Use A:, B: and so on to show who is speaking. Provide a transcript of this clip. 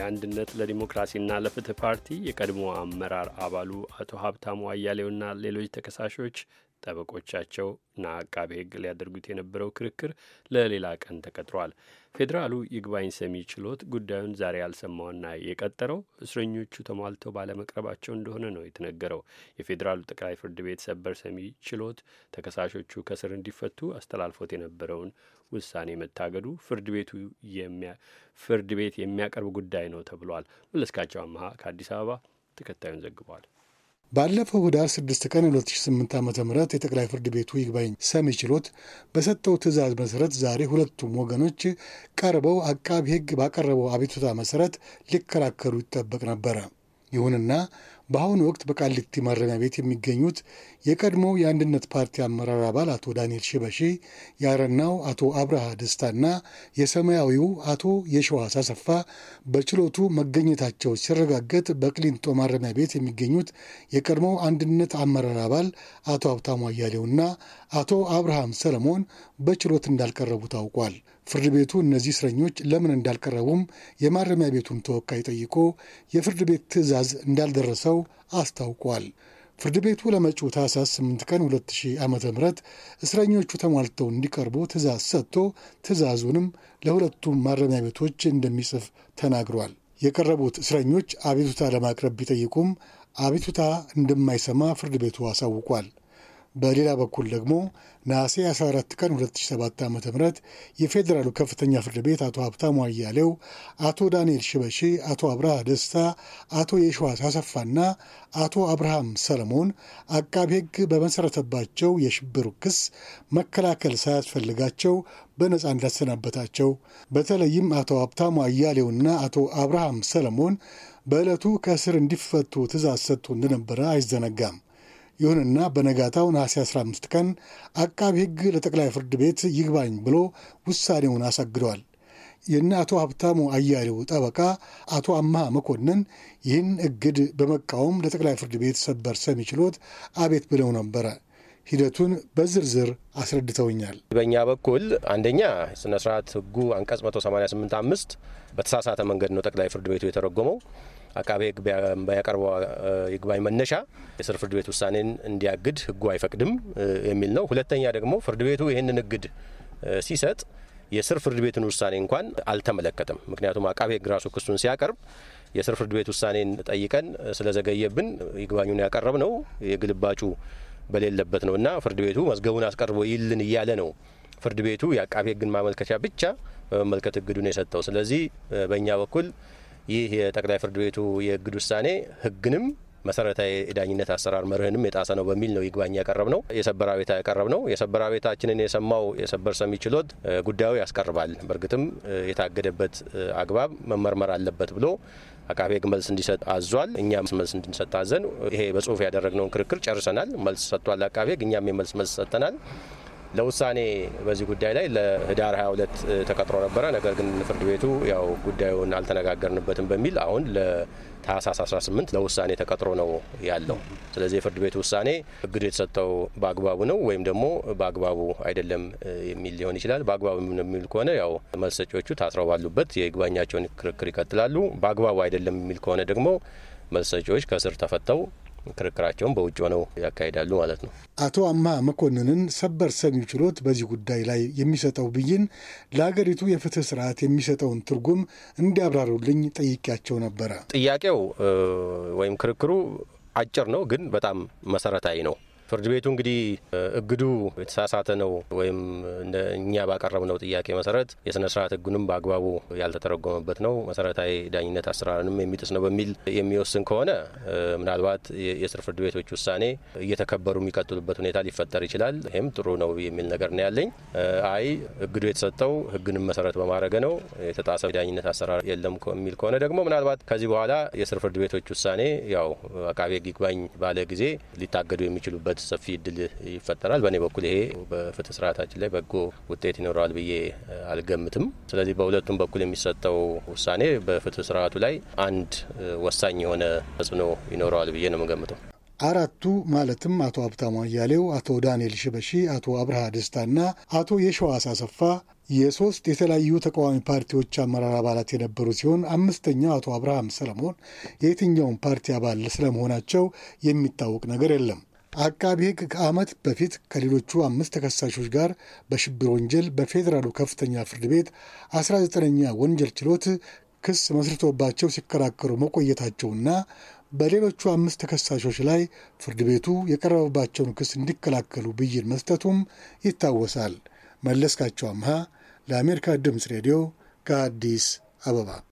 A: የአንድነት ለዲሞክራሲና ለፍትህ ፓርቲ የቀድሞ አመራር አባሉ አቶ ሀብታሙ አያሌውና ሌሎች ተከሳሾች ጠበቆቻቸው እና አቃቤ ሕግ ሊያደርጉት የነበረው ክርክር ለሌላ ቀን ተቀጥሯል። ፌዴራሉ ይግባኝ ሰሚ ችሎት ጉዳዩን ዛሬ ያልሰማውና የቀጠረው እስረኞቹ ተሟልተው ባለመቅረባቸው እንደሆነ ነው የተነገረው። የፌዴራሉ ጠቅላይ ፍርድ ቤት ሰበር ሰሚ ችሎት ተከሳሾቹ ከስር እንዲፈቱ አስተላልፎት የነበረውን ውሳኔ መታገዱ ፍርድ ቤቱ ፍርድ ቤት የሚያቀርብ ጉዳይ ነው ተብሏል። መለስካቸው አመሀ ከአዲስ አበባ ተከታዩን ዘግቧል።
B: ባለፈው ህዳር 6 ቀን 2008 ዓ ም የጠቅላይ ፍርድ ቤቱ ይግባኝ ሰሚ ችሎት በሰጠው ትዕዛዝ መሰረት ዛሬ ሁለቱም ወገኖች ቀርበው አቃቢ ህግ ባቀረበው አቤቱታ መሰረት ሊከራከሩ ይጠበቅ ነበረ። ይሁንና በአሁኑ ወቅት በቃሊቲ ማረሚያ ቤት የሚገኙት የቀድሞ የአንድነት ፓርቲ አመራር አባል አቶ ዳንኤል ሽበሺ፣ የአረናው አቶ አብርሃ ደስታና የሰማያዊው አቶ የሸዋስ አሰፋ በችሎቱ መገኘታቸው ሲረጋገጥ በቅሊንጦ ማረሚያ ቤት የሚገኙት የቀድሞ አንድነት አመራር አባል አቶ ሀብታሙ አያሌውና አቶ አብርሃም ሰለሞን በችሎት እንዳልቀረቡ ታውቋል። ፍርድ ቤቱ እነዚህ እስረኞች ለምን እንዳልቀረቡም የማረሚያ ቤቱን ተወካይ ጠይቆ የፍርድ ቤት ትዕዛዝ እንዳልደረሰው አስታውቋል። ፍርድ ቤቱ ለመጪው ታህሳስ 8 ቀን 2000 ዓ ም እስረኞቹ ተሟልተው እንዲቀርቡ ትዕዛዝ ሰጥቶ ትዕዛዙንም ለሁለቱም ማረሚያ ቤቶች እንደሚጽፍ ተናግሯል። የቀረቡት እስረኞች አቤቱታ ለማቅረብ ቢጠይቁም አቤቱታ እንደማይሰማ ፍርድ ቤቱ አሳውቋል። በሌላ በኩል ደግሞ ነሐሴ 14 ቀን 2007 ዓ ም የፌዴራሉ ከፍተኛ ፍርድ ቤት አቶ ሀብታሙ አያሌው፣ አቶ ዳንኤል ሽበሺ፣ አቶ አብርሃ ደስታ፣ አቶ የሸዋስ አሰፋና አቶ አብርሃም ሰለሞን አቃቢ ሕግ በመሠረተባቸው የሽብር ክስ መከላከል ሳያስፈልጋቸው በነፃ እንዳሰናበታቸው በተለይም አቶ ሀብታሙ አያሌውና አቶ አብርሃም ሰለሞን በዕለቱ ከእስር እንዲፈቱ ትእዛዝ ሰጥቶ እንደነበረ አይዘነጋም። ይሁንና በነጋታው ነሐሴ 15 ቀን አቃቢ ሕግ ለጠቅላይ ፍርድ ቤት ይግባኝ ብሎ ውሳኔውን አሳግደዋል። የእነ አቶ ሀብታሙ አያሌው ጠበቃ አቶ አምሃ መኮንን ይህን እግድ በመቃወም ለጠቅላይ ፍርድ ቤት ሰበር ሰሚ ችሎት አቤት ብለው ነበረ። ሂደቱን በዝርዝር አስረድተውኛል።
A: በእኛ በኩል አንደኛ ስነስርዓት ህጉ አንቀጽ 188 አምስት በተሳሳተ መንገድ ነው ጠቅላይ ፍርድ ቤቱ የተረጎመው አቃቤ ሕግ ያቀርበው ይግባኝ መነሻ የስር ፍርድ ቤት ውሳኔን እንዲያግድ ሕጉ አይፈቅድም የሚል ነው። ሁለተኛ ደግሞ ፍርድ ቤቱ ይህንን እግድ ሲሰጥ የስር ፍርድ ቤትን ውሳኔ እንኳን አልተመለከተም። ምክንያቱም አቃቤ ሕግ ራሱ ክሱን ሲያቀርብ የስር ፍርድ ቤት ውሳኔን ጠይቀን ስለዘገየብን ይግባኙን ያቀረብ ነው የግልባጩ በሌለበት ነው እና ፍርድ ቤቱ መዝገቡን አስቀርቦ ይልን እያለ ነው ፍርድ ቤቱ የአቃቤ ሕግን ማመልከቻ ብቻ በመመልከት እግዱን የሰጠው። ስለዚህ በእኛ በኩል ይህ የጠቅላይ ፍርድ ቤቱ የእግድ ውሳኔ ህግንም መሰረታዊ የዳኝነት አሰራር መርህንም የጣሰ ነው በሚል ነው ይግባኝ ያቀረብ ነው የሰበር አቤቱታ ያቀረብ ነው። የሰበር አቤቱታችንን የሰማው የሰበር ሰሚ ችሎት ጉዳዩ ያስቀርባል፣ በእርግጥም የታገደበት አግባብ መመርመር አለበት ብሎ አቃቤ ህግ መልስ እንዲሰጥ አዟል። እኛም መልስ እንድንሰጥ ታዘን ይሄ በጽሁፍ ያደረግነውን ክርክር ጨርሰናል። መልስ ሰጥቷል አቃቤ ህግ፣ እኛም የመልስ መልስ ሰጥተናል። ለውሳኔ በዚህ ጉዳይ ላይ ለህዳር 22 ተቀጥሮ ነበረ። ነገር ግን ፍርድ ቤቱ ያው ጉዳዩን አልተነጋገርንበትም በሚል አሁን ለታህሳስ 18 ለውሳኔ ተቀጥሮ ነው ያለው። ስለዚህ የፍርድ ቤቱ ውሳኔ እግዱ የተሰጠው በአግባቡ ነው ወይም ደግሞ በአግባቡ አይደለም የሚል ሊሆን ይችላል። በአግባቡ የሚል ከሆነ ያው መልስ ሰጪዎቹ ታስረው ባሉበት የይግባኛቸውን ክርክር ይቀጥላሉ። በአግባቡ አይደለም የሚል ከሆነ ደግሞ መልስ ሰጪዎች ከስር ተፈተው ክርክራቸውን በውጭ ሆነው ያካሄዳሉ ማለት ነው።
B: አቶ አማ መኮንንን ሰበር ሰሚው ችሎት በዚህ ጉዳይ ላይ የሚሰጠው ብይን ለሀገሪቱ የፍትህ ስርዓት የሚሰጠውን ትርጉም እንዲያብራሩልኝ ጠይቄያቸው ነበረ።
A: ጥያቄው ወይም ክርክሩ አጭር ነው፣ ግን በጣም መሰረታዊ ነው። ፍርድ ቤቱ እንግዲህ እግዱ የተሳሳተ ነው ወይም እኛ ባቀረብነው ጥያቄ መሰረት የስነ ስርዓት ህጉንም በአግባቡ ያልተተረጎመበት ነው፣ መሰረታዊ ዳኝነት አሰራርንም የሚጥስ ነው በሚል የሚወስን ከሆነ ምናልባት የስር ፍርድ ቤቶች ውሳኔ እየተከበሩ የሚቀጥሉበት ሁኔታ ሊፈጠር ይችላል። ይህም ጥሩ ነው የሚል ነገር ነው ያለኝ። አይ እግዱ የተሰጠው ህግንም መሰረት በማድረግ ነው፣ የተጣሰ ዳኝነት አሰራር የለም የሚል ከሆነ ደግሞ ምናልባት ከዚህ በኋላ የስር ፍርድ ቤቶች ውሳኔ ያው አቃቤ ይግባኝ ባለ ጊዜ ሊታገዱ የሚችሉበት ለመራመድ ሰፊ እድል ይፈጠራል። በእኔ በኩል ይሄ በፍትህ ስርዓታችን ላይ በጎ ውጤት ይኖረዋል ብዬ አልገምትም። ስለዚህ በሁለቱም በኩል የሚሰጠው ውሳኔ በፍትህ ስርዓቱ ላይ አንድ ወሳኝ የሆነ ተጽዕኖ ይኖረዋል ብዬ ነው የምገምተው።
B: አራቱ ማለትም አቶ ሀብታሙ አያሌው፣ አቶ ዳንኤል ሽበሺ፣ አቶ አብርሃ ደስታና አቶ የሸዋስ አሰፋ የሶስት የተለያዩ ተቃዋሚ ፓርቲዎች አመራር አባላት የነበሩ ሲሆን አምስተኛው አቶ አብርሃም ሰለሞን የትኛውን ፓርቲ አባል ስለመሆናቸው የሚታወቅ ነገር የለም። አቃቢ ሕግ ከዓመት በፊት ከሌሎቹ አምስት ተከሳሾች ጋር በሽብር ወንጀል በፌዴራሉ ከፍተኛ ፍርድ ቤት 19ኛ ወንጀል ችሎት ክስ መስርቶባቸው ሲከራከሩ መቆየታቸውና በሌሎቹ አምስት ተከሳሾች ላይ ፍርድ ቤቱ የቀረበባቸውን ክስ እንዲከላከሉ ብይን መስጠቱም ይታወሳል። መለስካቸው አምሃ ለአሜሪካ ድምፅ ሬዲዮ ከአዲስ አበባ